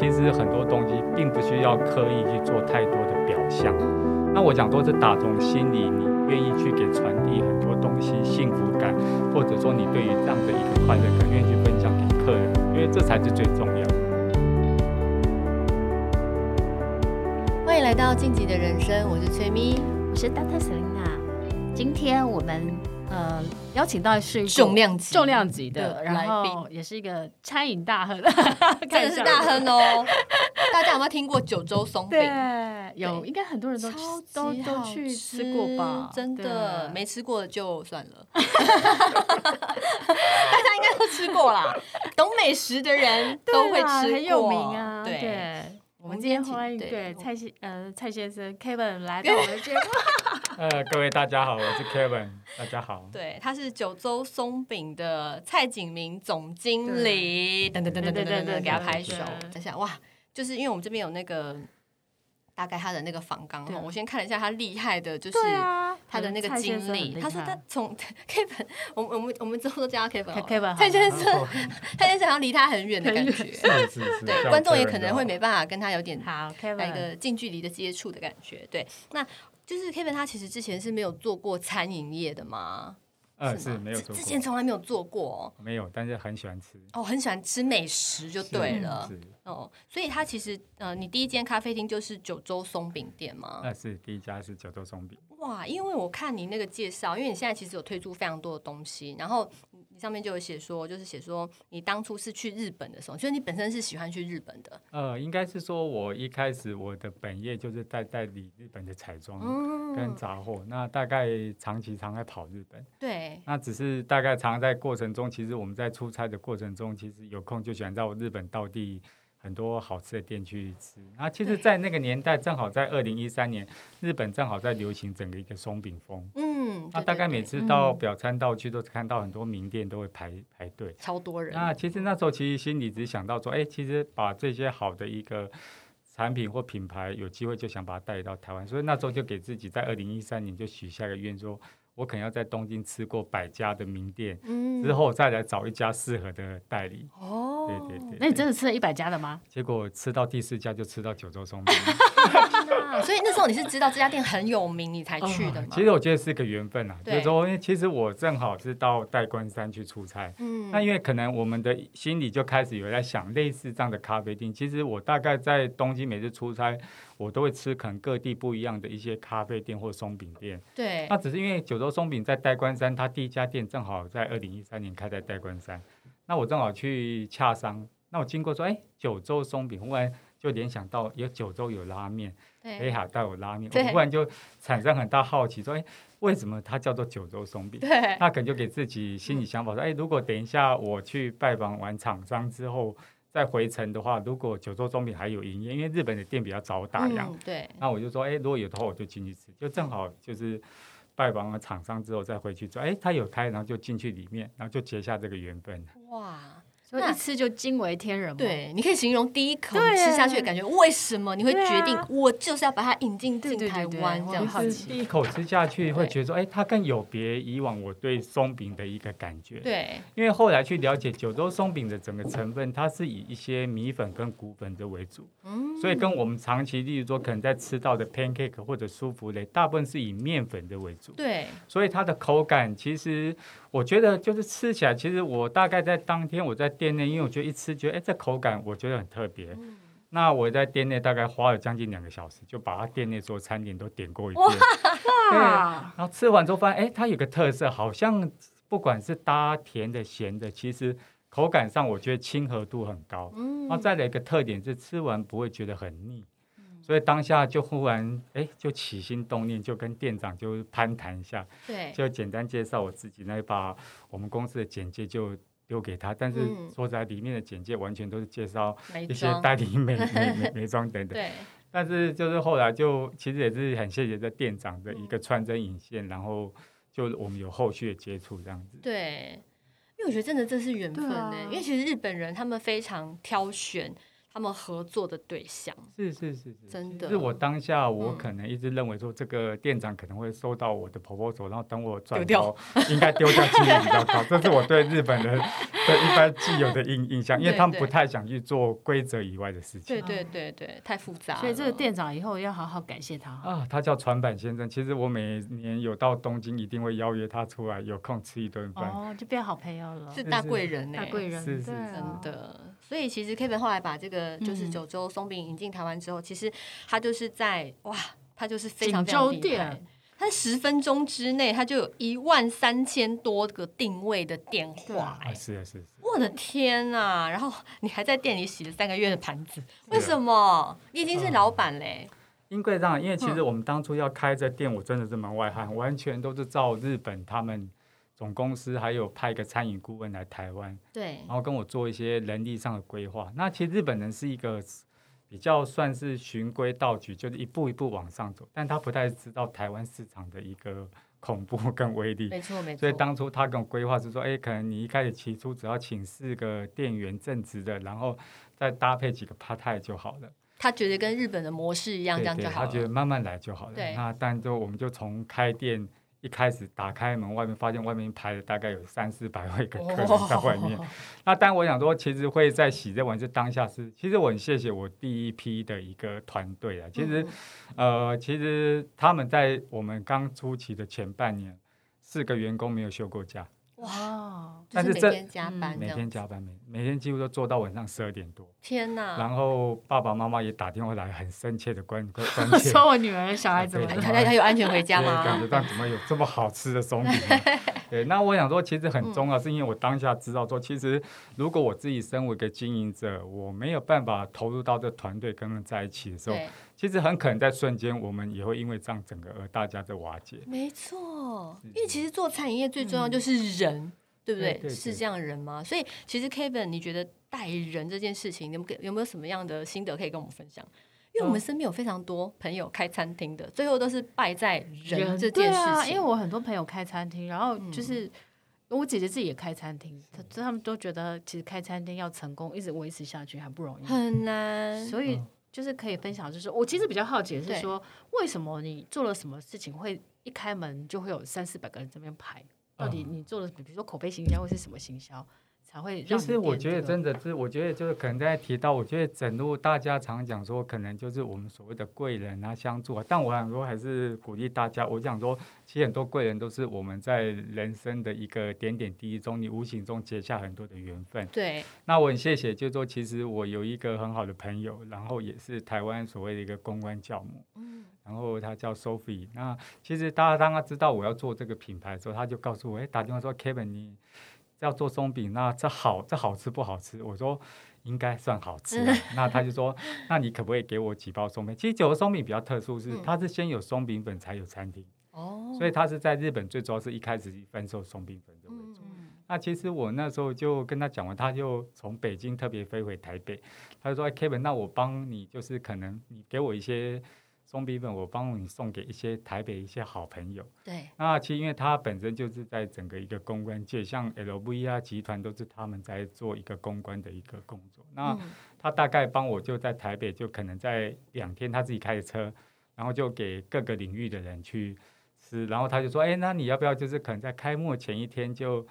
其實很多東西並不需要刻意去做太多的表象，那我想都是打從心裡，你願意去給傳遞很多東西，幸福感，或者說你對於這樣的一個快樂，肯願意去分享給客人，因為這才是最重要。歡迎來到進擊的人生，我是崔咪，我是 Dr. Selena。今天我們。呃，邀請到的是重量級重量級的來賓，也是一個餐飲大亨，真的是大亨哦。大家有沒有聽過九州鬆餅？有，應該很多人都都都去吃過吧？真的沒吃過就算了。大家應該都吃過啦，懂美食的人都會吃過，很有名啊，對。我們，我們今天歡迎對，對蔡先呃蔡先生 Kevin 來到我們的節目。 呃，各位大家好，我是 Kevin，大家好。對，他是九州鬆餅的蔡景明總經理。等等等等等等等，給他拍手。等一下，哇，就是因為我們這邊有那個大概他的那個訪綱對、哦，我先看一下他厲害的，就是。他的那個經歷，他說他從 Kevin，我們我們我們之後都叫他 Kevin。蔡先生、哦、 蔡先生好像離他很遠的感覺，對，觀眾也可能會沒辦法跟他有點好一個近距離的接觸的感覺，對。那就是 Kevin，他其實之前是沒有做過餐飲業的嗎？呃，是嗎？是，沒有做過，之前從來沒有做過，哦，沒有，但是很喜歡吃。哦，很喜歡吃美食就對了。是，是。哦，所以他其實，呃，你第一間咖啡廳就是九州鬆餅店嗎？那，呃，是第一家是九州鬆餅。哇，因為我看你那個介紹，因為你現在其實有推出非常多的東西，然後。上面就有寫說，就是寫說你當初是去日本的時候，所以你本身是喜歡去日本的。呃，應該是說我一開始我的本業就是代代理日本的彩妝跟雜貨，嗯、那大概長期常在跑日本。對。那只是大概常在過程中，其實我們在出差的過程中，其實有空就喜歡到日本到地，很多好吃的店去吃，然、啊、後其實，在那個年代，對正好在二零一三年，日本正好在流行整個一個鬆餅風。嗯，那、啊、大概每次到表參道去，都看到很多名店都會排排隊，超多人。那、啊、其實那時候，其實心裡只想到說，哎、欸，其實把這些好的一個產品或品牌，有機會就想把它帶到台灣，所以那時候就給自己在二零一三年就許下一個願說。我可能要在東京吃過百家的名店，嗯、之後再來找一家適合的代理。哦，對對，對對對，那你真的吃了一百家的嗎？結果吃到第四家就吃到九州鬆餅。 所以那時候你是知道這家店很有名，你才去的嘛、嗯？其實我覺得是個緣分啊。對就是說因為其實我正好是到代官山去出差。嗯。那因為可能我們的心裡就開始有在想，類似這樣的咖啡店。其實我大概在東京每次出差，我都會吃可能各地不一樣的一些咖啡店或鬆餅店。對。那只是因為九州鬆餅在代官山，它第一家店正好在二零一三年開在代官山。那我正好去洽商，那我經過說：“哎、欸，九州鬆餅。”忽然。就聯想到有九州有拉麵，北海道有拉麵，我忽然就產生很大好奇，說：哎對、欸，為什麼它叫做九州鬆餅？對，那可能就給自己心裡想法說：哎、嗯欸，如果等一下我去拜訪完廠商之後再回程的話，如果九州鬆餅還有營業，因為日本的店比較早打烊、嗯。對，那我就說：哎、欸，如果有的話，我就進去吃。就正好就是拜訪完廠商之後再回去做，做、欸、哎，他有開，然後就進去裡面，然後就結下這個緣分。哇。那一吃就驚為天人，對，你可以形容第一口你吃下去的感覺，耶為什麼你會決定我就是要把它引進進台灣？對對對這樣好奇，第一口吃下去會覺得說，哎對、欸，它更有別以往我對鬆餅的一個感覺。對，因為後來去了解九州鬆餅的整個成分，它是以一些米粉跟穀粉的為主，嗯、所以跟我們長期，例如說可能在吃到的 pancake 或者舒芙蕾，大部分是以麵粉的為主。對，所以它的口感其實。我覺得就是吃起來，其實我大概在當天我在店內，因為我覺得一吃覺得哎、欸，這口感我覺得很特別。嗯、那我在店內大概花了將近兩個小時，就把他店內所有餐點都點過一遍。啊哇然後吃完之後發現，哎、欸，他有個特色，好像不管是搭甜的、鹹的，其實口感上我覺得親和度很高。嗯、然後再來一個特點是吃完不會覺得很膩。所以當下就忽然哎，就起心動念，就跟店長就攀談一下，對，就簡單介紹我自己，那把我們公司的簡介就丟給他，但是說實在，裡面的簡介完全都是介紹一些代理美沒裝 美美，美妝等等。對，但是就是後來就其實也是很謝謝這店長的一個穿針引線，嗯、然後就我們有後續的接觸這樣子。對，因為我覺得真的這是緣分呢，啊、因為其實日本人他們非常挑選。他們合作的對象是是是是，真的。是我當下我可能一直認為說，這個店長可能會收到我的 proposal，然後等我轉頭，應該丟掉機率比較高，這是我對日本人的對一般既有的印印象，因為他們不太想去做規則以外的事情。對對對對，太複雜。所以這個店長以後要好好感謝他啊。他叫船板先生。其實我每年有到東京，一定會邀約他出來，有空吃一頓飯。哦，就變好朋友了，是大貴人呢，大貴人，是是真的。所以其實 Kevin 後來把這個就是九州鬆餅引進台灣之後，嗯、其實他就是在哇，他就是非常非常厲害。他十分鐘之內他就有一萬三千多個定位的電話哎、欸啊，是、啊、是、啊、是、啊，我的天吶、啊！ 然後你還在店裡洗了三個月的盤子，啊、為什麼？嗯、你已經是老闆嘞、欸。因為這樣，因為其實我們當初要開這店，我真的是門外漢，嗯、完全都是照日本他們。總公司還有派一個餐飲顧問來台灣，對，然後跟我做一些人力上的規劃。那其實日本人是一個比較算是循規蹈矩，就是一步一步往上走，但他不太知道台灣市場的一個恐怖跟威力。沒錯、嗯，沒錯。沒，所以當初他跟我規劃是說，哎、欸，可能你一開始起初只要請四個店員正職的，然後再搭配幾個 part time 就好了。他覺得跟日本的模式一樣，對對對，這樣就好了，他覺得慢慢來就好了。對那但就我們就從開店，一開始打開門，外面發現外面排了大概有三四百位、個客人在外面。那但我想說，其實會在洗這碗，這當下是，其實我很謝謝我第一批的一個團隊啊。其實，嗯、呃，其實他們在我們剛初期的前半年，四個員工沒有休過假。但是，是每這、嗯、每天加班，每每天幾乎都做到晚上十二點多。天吶哪，然後爸爸媽媽也打電話來，很深切的關 關切。說：“我女兒、小孩怎麼？她她有安全回家嗎？”感覺到怎麼有這麼好吃的鬆餅、啊？對，對，那我想說，其實很重要，是因為我當下知道說，其實如果我自己身為一個經營者，我沒有辦法投入到這團隊，跟人在一起的時候，對其實很可能在瞬間，我們也會因為這樣整個而大家的瓦解。沒錯，是因為其實做餐飲業最重要就是人。嗯對不對？對對對是這樣的人嗎？所以其實 Kevin，你覺得帶人這件事情，你們有沒有什麼樣的心得可以跟我們分享？因為我們身邊有非常多朋友開餐廳的，最後都是敗在人這件事情。啊、因為我很多朋友開餐廳，然後就是我姐姐自己也開餐廳，嗯、他，他們都覺得其實開餐廳要成功，一直維持下去還不容易，很難。所以就是可以分享，就是我其實比較好奇是說，對為什麼你做了什麼事情，會一開門就會有三四百個人這邊排？到底你做的，比如說口碑行銷，或是什麼行銷？就是其實我覺得，真的是，我覺得就是可能在提到，我覺得整路大家常講說，可能就是我們所謂的貴人啊相助啊。但我想說，還是鼓勵大家。我想說，其實很多貴人都是我們在人生的一個點點滴滴中，你無形中結下很多的緣分。對。那我很謝謝，就是說其實我有一個很好的朋友，然後也是台灣所謂的一個公關教母。嗯。然後他叫 Sophie。那其實大家當他知道我要做這個品牌的時候，他就告訴我：“哎、欸，打電話說 Kevin，你。”要做鬆餅，那這好，這好吃不好吃？我說應該算好吃。啊。 那他就說，那你可不可以給我幾包鬆餅？其實九州鬆餅比較特殊是，是、嗯、它是先有鬆餅粉才有餐廳。哦、嗯，所以它是在日本最主要是一開始以販售鬆餅粉的為主。嗯嗯，那其實我那時候就跟他講完，他就從北京特別飛回台北，他就說：“欸、Kevin 那我幫你，就是可能你給我一些。”鬆餅粉，我幫你送給一些台北一些好朋友。對，那其實因為他本身就是在整個一個公關界，像 LV 啊集團都是他們在做一個公關的一個工作。那他大概幫我就在台北，就可能在兩天，他自己開的車，然後就給各個領域的人去吃。然後他就說：“哎、欸，那你要不要就是可能在開幕前一天就？”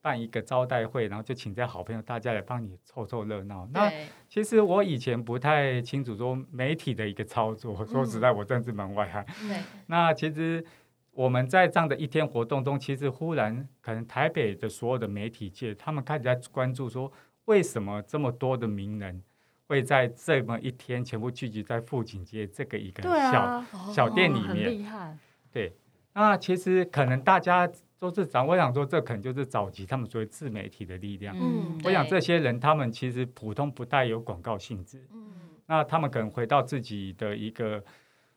辦一個招待會，然後就請這些好朋友大家來幫你湊湊熱鬧。對那其實我以前不太清楚說媒體的一個操作，嗯、說實在我真是門外漢。對那其實我們在這樣的一天活動中，其實忽然可能台北的所有的媒體界，他們開始在關注說，為什麼這麼多的名人會在這麼一天全部聚集在富錦街這個一個小、啊哦、小店裡面？對，那其實可能大家。周市長，我想說，這可能就是召集他們所謂自媒體的力量。嗯，我想這些人他們其實普通不帶有廣告性質。嗯，那他們可能回到自己的一個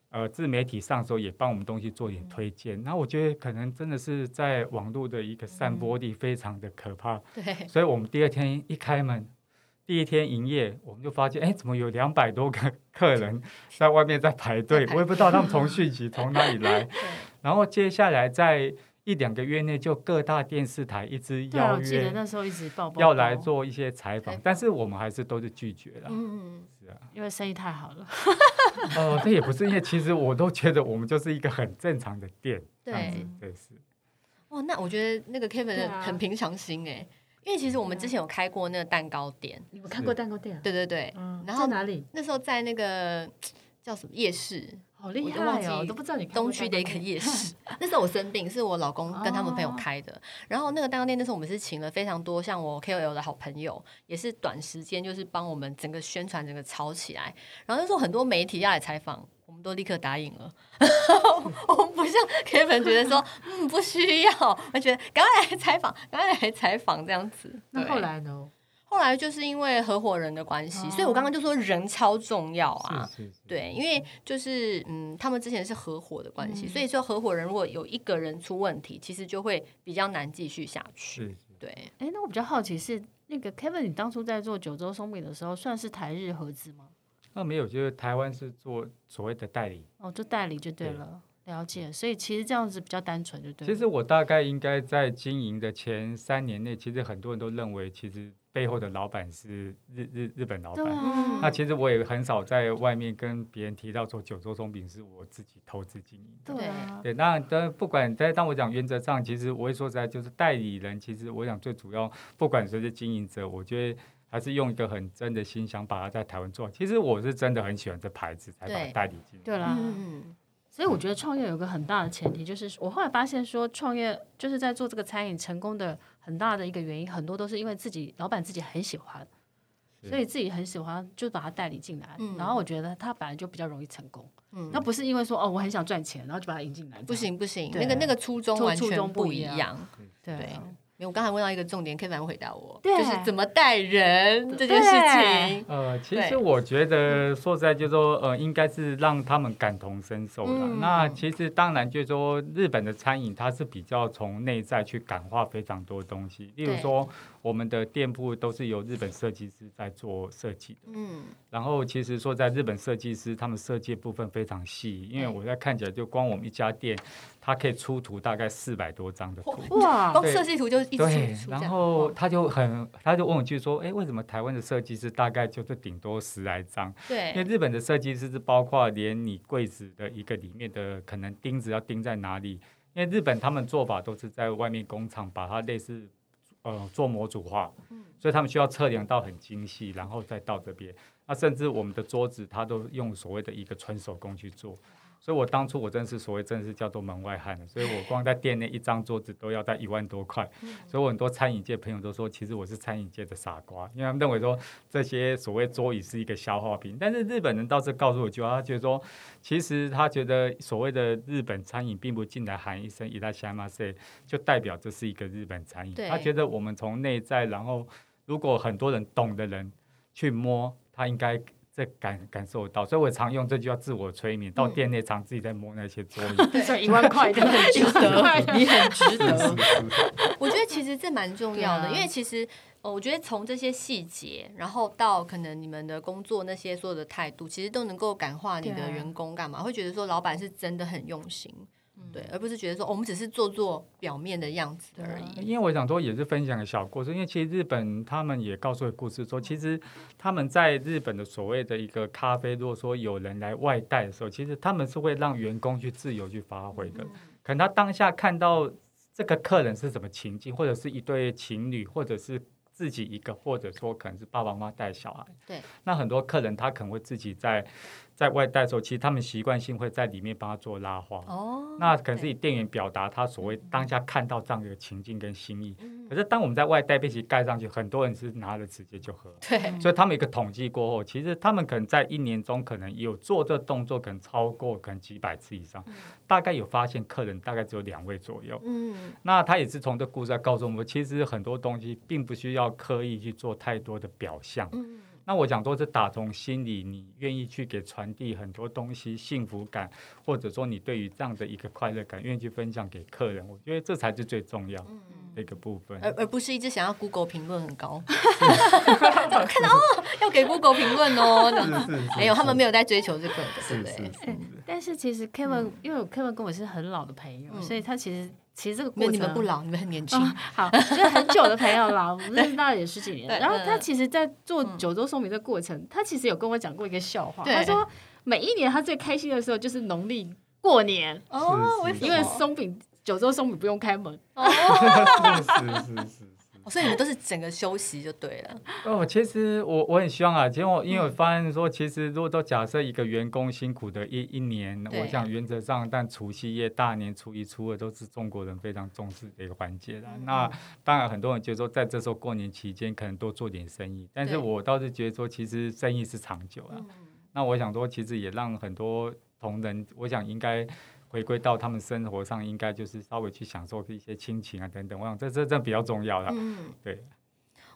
呃自媒體上的時候，也幫我們東西做一點推薦。嗯、那我覺得可能真的是在網絡的一個散播力非常的可怕。嗯、所以我們第二天一開門，第一天營業，我們就發現，哎、欸，怎麼有兩百多個客人在外面在排隊？ 我也不知道他們從訊息從 哪裡來。對然後接下來在。一兩個月內就各大電視台一直邀約，要來做一些採訪，啊、爆爆爆，但是我們還是都是拒絕了。嗯嗯、啊、因為生意太好了。 哦，這也不是因為，其實我都覺得我們就是一個很正常的店這樣子。對，對是。哇、哦，那我覺得那個 Kevin 很平常心哎，啊、因為其實我們之前有開過那個蛋糕店，啊、你們看過蛋糕店啊？對對對，嗯、然後哪裡？那時候在那個叫什麼夜市。好厲害哦！都不知道你東區的一個夜市，哦、 那時候我生病，是我老公跟他們朋友開的。然後那個蛋糕店，那時候我們是請了非常多像我 KOL 的好朋友，也是短時間就是幫我們整個宣傳，整個炒起來。然後那時候很多媒體要來採訪，我們都立刻答應了。 我們不像 Kevin 覺得說，嗯，不需要，我覺得趕快來採訪，趕快來採訪這樣子。那後來呢？後來就是因為合夥人的關係，所以我剛剛就說人超重要啊，啊是是是對，因為就是嗯，他們之前是合夥的關係，嗯、是是，所以說合夥人如果有一個人出問題，其實就會比較難繼續下去。是，是，對。哎、欸，那我比較好奇是那個 Kevin，你當初在做九州鬆餅的時候，算是台日合資嗎？那沒有，就是台灣是做所謂的代理，哦，做代理就對了。對了解，所以其實這樣子比較單純，就對。其實我大概應該在經營的前三年內，其實很多人都認為，其實背後的老闆是日日日本老闆。啊、那其實我也很少在外面跟別人提到說九州鬆餅是我自己投資經營。對、啊、對，那但不管，但當我講原則上，其實我會說實在，就是代理人。其實我想最主要，不管誰是經營者，我覺得還是用一個很真的心，想把它在台灣做。其實我是真的很喜歡這牌子，才把它代理進來。對、啊嗯所以我覺得創業有一個很大的前提，就是我後來發現說，創業就是在做這個餐飲成功的很大的一個原因，很多都是因為自己老闆自己很喜歡，所以自己很喜歡就把他代理進來，然後我覺得他本來就比較容易成功。嗯，那不是因為說哦我很想賺錢，然後就把他引進來。不行不行對、那個，那個那個初衷完全不一樣。對。對我剛才問到一個重點，可以來回答我，對就是怎麼帶人這件事情。呃，其實我覺得對說實在就是說，就說、嗯、呃，應該是讓他們感同身受的、啊。嗯、那其實當然，就是說日本的餐飲，它是比較從內在去感化非常多東西，對例如說。我們的店鋪都是由日本設計師在做設計的。嗯，然後其實說在日本設計師，他們設計部分非常細，因為我在看起來，就光我們一家店，它可以出圖大概四百多張的圖。哇，光設計圖就一。對，對，然後他就很，他就問我們，就說：“哎，為什麼台灣的設計師大概就是頂多十來張？對，因為日本的設計師是包括連你櫃子的一個裡面的可能釘子要釘在哪裡，因為日本他們做法都是在外面工廠把它類似。”呃、嗯，做模組化，所以他們需要測量到很精細，然後再到這邊。那、啊、甚至我們的桌子，他都用所謂的一個純手工去做。所以，我當初我真的是所謂真的是叫做門外漢。所以我光在店內一張桌子都要在一萬多塊。所以，我很多餐飲界朋友都說，其實我是餐飲界的傻瓜，因為他們認為說這些所謂桌椅是一個消耗品。但是日本人倒是告訴我一句話，他覺得說，其實他覺得所謂的日本餐飲，並不進來喊一聲“いらっしゃいませ”就代表這是一個日本餐飲。他覺得我們從內在，然後如果很多人懂的人去摸，他應該。在感感受到，所以我常用這句話自我催眠。嗯、到店內常自己在摸那些桌椅。所以對 對一萬塊，真的很值得， 塊你很值得。 我覺得其實這蠻重要的，啊、因為其實、哦、我覺得從這些細節，然後到可能你們的工作那些所有的態度，其實都能夠感化你的員工幹，幹嘛、啊、會覺得說老闆是真的很用心。對，而不是覺得說、哦、我們只是做做表面的樣子而已。嗯、因為我想說也是分享個小故事，因為其實日本他們也告訴我故事說，其實他們在日本的所謂的一個咖啡，如果說有人來外帶的時候，其實他們是會讓員工去自由去發揮的。可能他當下看到這個客人是什麼情境，或者是一對情侶，或者是自己一個，或者說可能是爸爸媽媽帶小孩。對，那很多客人他可能會自己在。在外帶的時候，其實他們習慣性會在裡面幫他做拉花。Oh, 那可能是以店員表達他所謂當下看到這樣的情境跟心意。Mm hmm. 可是當我們在外帶被其蓋上去，很多人是拿着直接就喝。Mm hmm. 所以他們一個統計過後，其實他們可能在一年中可能有做這動作，可能超過可能幾百次以上。Mm hmm. 大概有發現客人大概只有兩位左右。Mm hmm. 那他也是從這個故事來告訴我們，其實很多東西並不需要刻意去做太多的表象。Mm hmm. 那我講都是打從心裡，你願意去給傳遞很多東西，幸福感，或者說你對於這樣的一個快樂感，願意去分享給客人，我覺得這才是最重要的一個部分，而、嗯、而不是一直想要 Google 評論很高，看到哦，要給 Google 評論哦，是是是是，沒有，他們沒有在追求這個的，對不對？是是是是，但是其實 Kevin，、嗯、因為我 Kevin 跟我是很老的朋友，嗯、所以他其實。其實這個過程，你們不老，你們很年輕、嗯。好，就是很久的朋友啦，我們認識大概也十幾年。對對對，然後他其實，在做九州鬆餅的過程，嗯、他其實有跟我講過一個笑話。對他說，每一年他最開心的時候就是農曆過年哦，為什麼？因為鬆餅九州鬆餅不用開門。是是 是。是是是哦、所以你們都是整個休息就對了。哦，其實我我很希望啊，其實我因為我發現說，其實如果都假設一個員工辛苦的一一年，對我想原則上，但除夕夜、大年初一、初二都是中國人非常重視的一個環節的。嗯、那當然很多人覺得說在這時候過年期間可能多做點生意，但是我倒是覺得說，其實生意是長久了、啊、對那我想說，其實也讓很多同仁，我想應該。回歸到他們生活上，應該就是稍微去享受一些親情啊等等。我想這這這比較重要啦，嗯、對。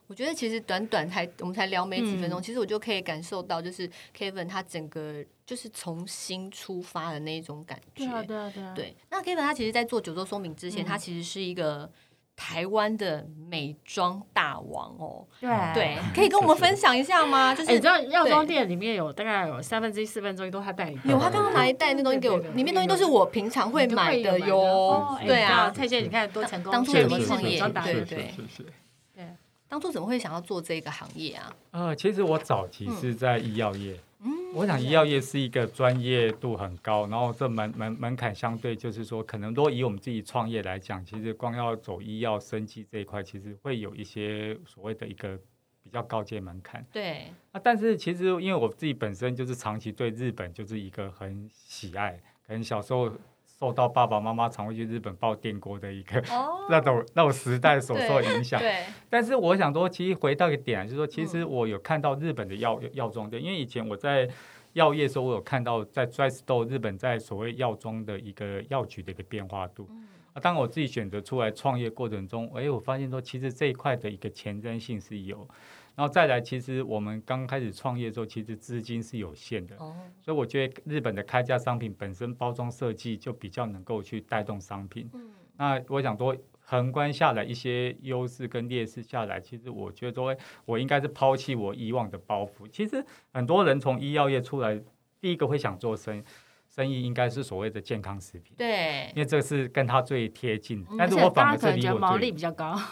我覺得其實短短才我們才聊沒幾分鐘，嗯、其實我就可以感受到，就是 Kevin 他整個就是重新出發的那一種感覺。對，對，對，對，那 Kevin 他其實，在做九州鬆餅之前，嗯、他其實是一個。台灣的美妝大王哦，對對，可以跟我們分享一下嗎？就是你知道，藥妝店裡面有大概有三分之一、四分之一都他帶，有他剛剛拿一袋那東西給我，裡面東西都是我平常會買的喲。對啊，蔡姐，你看多成功，當初是怎麼創業，對對，對，當初怎麼會想要做這個行業啊？呃，其實我早期是在醫藥業。我想醫藥業是一個專業度很高，然後這門門門檻相對就是說，可能都以我們自己創業來講，其實光要走醫藥升級這一塊，其實會有一些所謂的一個比較高階門檻。對，啊，但是其實因為我自己本身就是長期對日本就是一個很喜愛，可能小時候，受到爸爸媽媽常會去日本抱電鍋的一個那種，oh, 那種那種時代所受影響，對。但是我想說，其實回到一個點，就是說，其實我有看到日本的藥藥、嗯、妝的，因為以前我在藥業的時候，我有看到在 drugstore 日本在所謂藥妝的一個藥局的一個變化度。嗯啊、當我自己選擇出來創業過程中，欸、我發現說，其實這一塊的一個前瞻性是有。然後再來，其實我們剛開始創業的時候，其實資金是有限的，所以我覺得日本的開架商品本身包裝設計就比較能夠去帶動商品。那我想說橫觀下來一些優勢跟劣勢下來，其實我覺得我應該是拋棄我以往的包袱。其實很多人從醫藥業出來，第一個會想做生意，生意應該是所謂的健康食品。對，因為這是跟它最貼近，但是我反而，這我而覺得毛利比較高。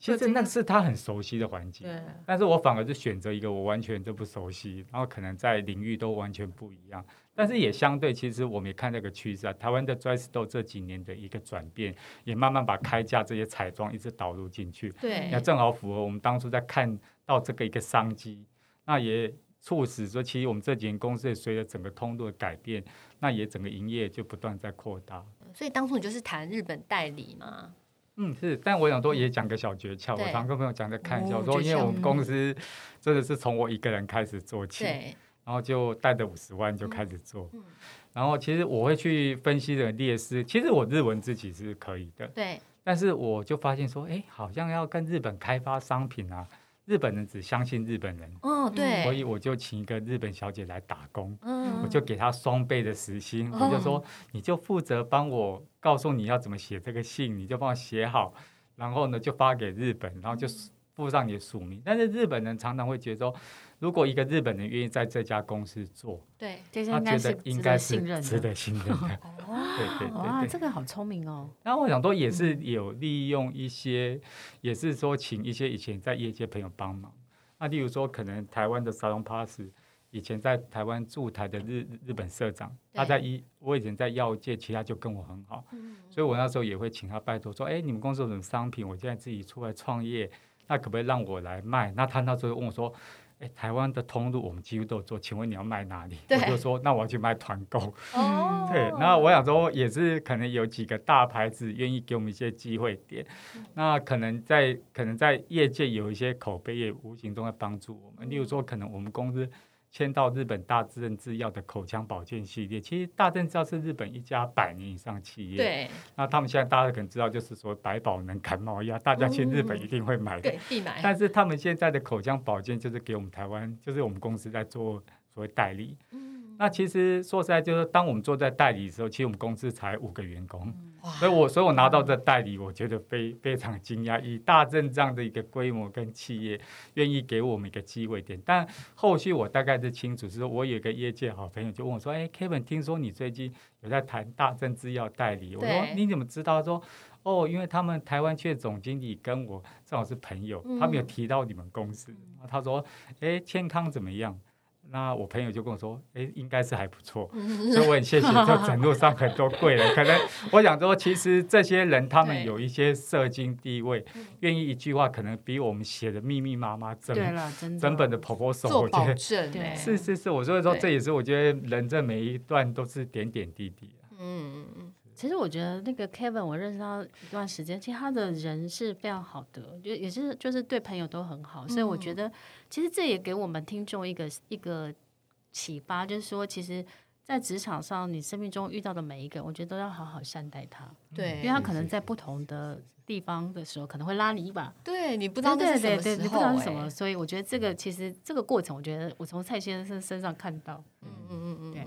其實那是他很熟悉的環境，啊、但是我反而就選擇一個我完全都不熟悉，然後可能在領域都完全不一樣，但是也相對，其實我們也看這個趨勢啊，台灣的 Dry Store 這幾年的一個轉變，也慢慢把開架這些彩妝一直導入進去，對，那正好符合我們當初在看到這個一個商機，那也促使說，其實我們這幾年公司也隨着整個通路的改變，那也整個營業就不斷在擴大。所以當初你就是談日本代理嘛？嗯，是，但我想說也講個小訣竅，嗯、我常跟朋友講在看，對我說，因為我們公司真的是從我一個人開始做起，嗯、然後就帶着五十萬就開始做，嗯、然後其實我會去分析的劣勢，其實我日文自己是可以的，對，但是我就發現說，哎、欸，好像要跟日本開發商品啊。日本人只相信日本人，哦、對、所以我就請一個日本小姐來打工，嗯、我就給她雙倍的時薪，我就說、嗯、你就負責幫我告訴你要怎麼寫這個信，你就幫我寫好，然後呢就發給日本，然後就附上你的署名。嗯、但是日本人常常會覺得說。如果一個日本人願意在這家公司做，對，他覺得應該是值得，是值得信任的，對，對，對，哇，這個好聰明哦。那我想說，也是有利用一些，嗯、也是說請一些以前在業界朋友幫忙。那例如說，可能台灣的 Salon Pass 以前在台灣駐台的日日本社長，嗯、他在一我以前在藥界，其他就跟我很好，嗯、所以我那時候也會請他拜托說，哎，你們公司有什麼商品？我現在自己出來創業，那可不可以讓我來賣？那他那時候問我說。欸、臺灣的通路我們幾乎都有做，請問你要賣哪裡？對我就說，那我要去賣團購。Oh、對，那我想說也是可能有幾個大牌子願意給我們一些機會點，那可能在可能在業界有一些口碑，也無形中在幫助我們。例如說，可能我們公司。簽到日本大正制藥的口腔保健系列，其實大正製藥是日本一家百年以上企業。對。那他們現在大家可能知道，就是說百寶能感冒藥，大家去日本一定會買的。嗯。對，但是他們現在的口腔保健就是給我們台灣，就是我們公司在做所謂代理。嗯。那其實說實在，就是當我們做在代理的時候，其實我們公司才五個員工，所以，我所以，我拿到這代理，我覺得非非常驚訝，以大正這樣的一個規模跟企業，願意給我們一個機會點。但後續我大概是清楚，是說我有一個業界好朋友就問我說、欸：“哎，Kevin，聽說你最近有在談大正製藥代理？”我說：“你怎麼知道？”他說：“哦，因為他們台灣區的總經理跟我正好是朋友，他沒有提到你們公司，他說：‘哎，健康怎麼樣？’”那我朋友就跟我說：“誒、欸，應該是還不錯， 所以我很謝謝就整路上很多貴人。 對可能我想說，其實這些人他們有一些社經地位，願對意一句話，可能比我們寫的密密麻麻整真的整本的 proposal 做保證，我覺得對，是是是。所以說這也是我覺得人這每一段都是點點滴滴嗯嗯。其實我覺得那個 Kevin，我認識他一段時間，其實他的人是非常好的，也就也是就是對朋友都很好，所以我覺得其實這也給我們聽眾一個一個啟發，就是說，其實，在職場上，你生命中遇到的每一個，我覺得都要好好善待他，對，因為他可能在不同的地方的時候，可能會拉你一把，對。你不知道是什麼對，對對對，你不知道是什麼，欸、所以我覺得這個其實這個過程，我覺得我從蔡先生身上看到，嗯嗯嗯嗯。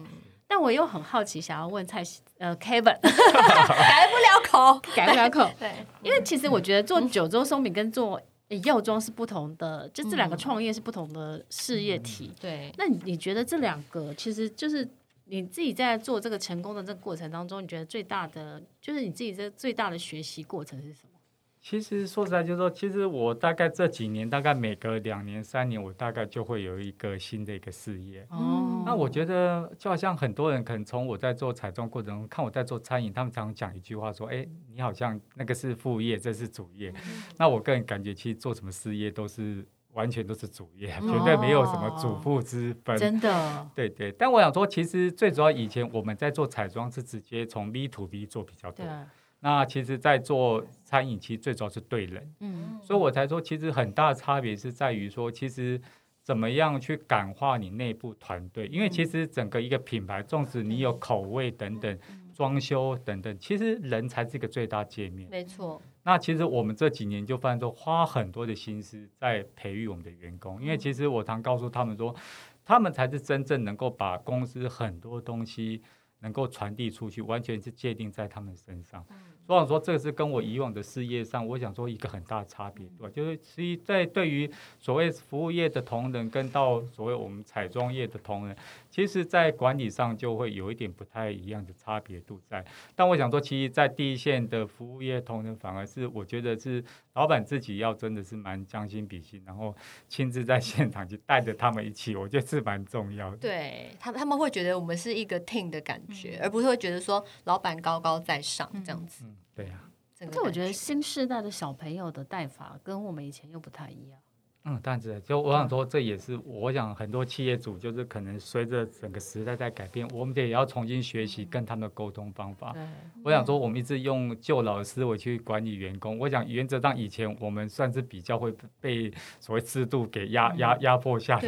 但我又很好奇，想要問蔡呃 Kevin， 改不了口， 對 改不了口。對，因為其實我覺得做九州鬆餅跟做藥妝是不同的，就這兩個創業是不同的事業體。對，那你覺得這兩個，其實就是你自己在做這個成功的這個過程當中，你覺得最大的就是你自己這最大的學習過程是什麼？其實說實在，就是說，其實我大概這幾年，大概每隔兩年、三年，我大概就會有一個新的一個事業。哦。那我覺得，就好像很多人可能從我在做彩妝過程中看我在做餐飲，他們常常講一句話說：“哎、欸，你好像那個是副業，這是主業。嗯”那我個人感覺，其實做什麼事業都是完全都是主業，絕對沒有什麼主副之分。真的、哦。對，對對，但我想說，其實最主要以前我們在做彩妝是直接從 B to B 做比較多。對那其實，在做餐飲，其實最主要是對人。嗯、所以我才說，其實很大差別是在於說，其實。怎麼樣去感化你內部團隊？因為其實整個一個品牌，嗯、縱使你有口味等等、嗯嗯、裝修等等，其實人才是一個最大界面。沒錯。那其實我們這幾年就發現說，花很多的心思在培育我們的員工，因為其實我常告訴他們說，他們才是真正能夠把公司很多東西。能夠傳遞出去，完全是界定在他們身上。所以我說，這個是跟我以往的事業上，我想說一個很大差別，對吧？就是其實在對於所謂服務業的同仁，跟到所謂我們彩妝業的同仁。其實，在管理上就會有一點不太一樣的差別度在。但我想說，其實，在第一線的服務業同仁，反而是我覺得是老板自己要真的是蠻將心比心，然後親自在現場去帶着他們一起，我覺得是蠻重要的。對他，他們會覺得我們是一個 team 的感覺，嗯、而不是會覺得說老板高高高在上、嗯、這樣子。嗯，對呀、啊。這我覺得新世代的小朋友的帶法跟我們以前又不太一樣。嗯，但是，就我想說，這也是我想很多企業主就是可能隨着整個時代在改變，我們得也要重新學習跟他們的溝通方法。嗯、我想說，我們一直用舊老思維去管理員工。我想原則上以前我們算是比較會被所謂制度給壓壓壓迫下的，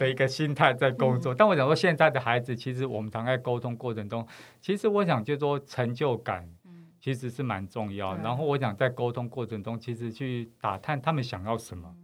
的一個心態在工作。嗯、但我想說，現在的孩子其實我們常在溝通過程中，其實我想就說成就感其實是蠻重要。對然後我想在溝通過程中，其實去打探他們想要什麼。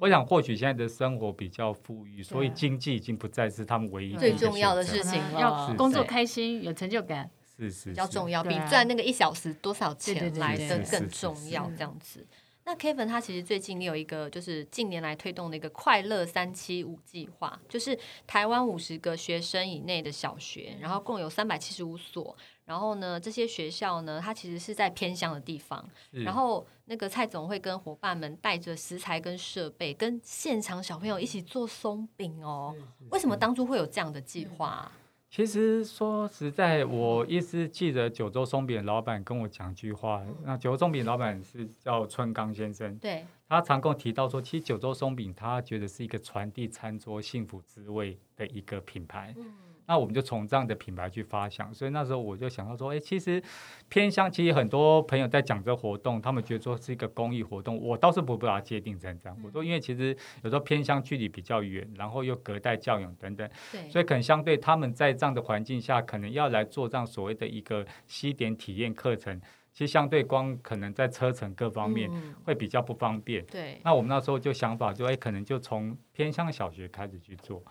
我想，或許現在的生活比較富裕，所以經濟已經不再是他們唯一,一對最重要的事情了。要工作開心，對有成就感，是是，比較重要，對比賺那個一小時多少錢來的更重要，這樣子。那 Kevin 他其實最近有一個，就是近年來推動的一個“快樂三七五計劃”，就是台灣五十個學生以內的小學，然後共有三百七十五所，然後呢，這些學校呢，它其實是在偏鄉的地方，然後那個蔡總會跟夥伴們帶着食材跟設備，跟現場小朋友一起做鬆餅哦。為什麼當初會有這樣的計劃啊？其實說實在，我一直記得九州鬆餅老闆跟我講句話。那九州鬆餅老闆是叫春剛先生，對，他常跟我提到說，其實九州鬆餅他覺得是一個傳遞餐桌幸福滋味的一個品牌。嗯。那我們就從這樣的品牌去發想，所以那時候我就想到說，誒、欸，其實偏鄉，其實很多朋友在講這個活動，他們覺得說是一個公益活動，我倒是不會把它界定成這樣。嗯、我說，因為其實有時候偏鄉距離比較遠，然後又隔代教養等等，對，所以可能相對他們在這樣的環境下，可能要來做這樣所謂的一個西點體驗課程，其實相對光可能在車程各方面會比較不方便。嗯、對，那我們那時候就想法就誒、欸，可能就從偏鄉小學開始去做。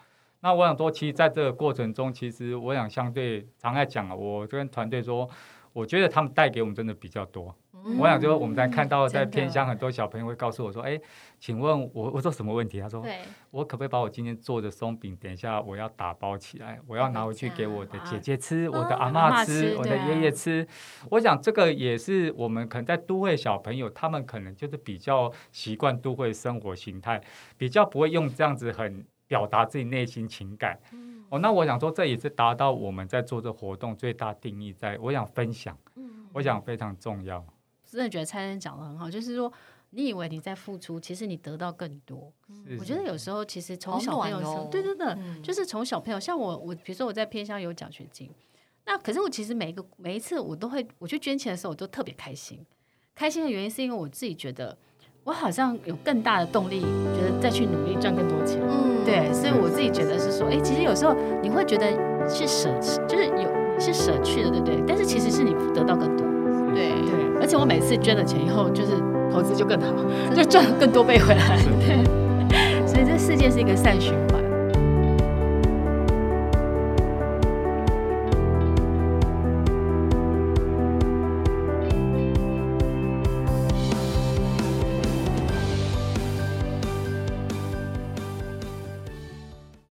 那我想說，其實在這個過程中，嗯、其實我想相對常來講啊，我跟團隊說，我覺得他們帶給我們真的比較多。嗯、我想說，我們在看到在偏鄉、嗯、很多小朋友會告訴我說：“誒、欸，請問我我做什麼問題？”他說：“對我可不可以把我今天做的鬆餅等一下我要打包起來，我要拿回去給我的姐姐吃，對我的阿嬤吃，嗯、我的爺爺吃。啊我爺爺吃”我想這個也是我們可能在都會小朋友，他們可能就是比較習慣都會生活形態，比較不會用這樣子很。表達自己內心情感，嗯，哦，oh, 那我想說，這也是達到我們在做這活動最大定義在，在我想分享，嗯，我想非常重要。真的覺得蔡先生講的很好，就是說，你以為你在付出，其實你得到更多。是是是，我覺得有時候其實從小朋友的時候、哦、對，對對，嗯、就是從小朋友，像我，我比如說我在偏鄉有獎學金，那可是我其實每一個每一次我都會我去捐錢的時候，我都特別開心。開心的原因是因為我自己覺得。我好像有更大的動力，覺得再去努力賺更多錢。嗯，對，所以我自己覺得是說，哎、欸，其實有時候你會覺得是捨，就是有是捨去的，對不對？但是其實是你得到更多。對對，對而且我每次捐了錢以後，就是投資就更好，就賺更多倍回來。對， 所以這世界是一個善循環。